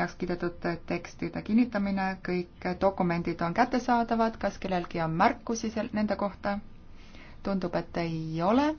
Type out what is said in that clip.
heaks kiidetud tekstide kinnitamine, kõik dokumendid on kättesaadavad, kas kellelgi on märkusi nende kohta? tundub, et ei ole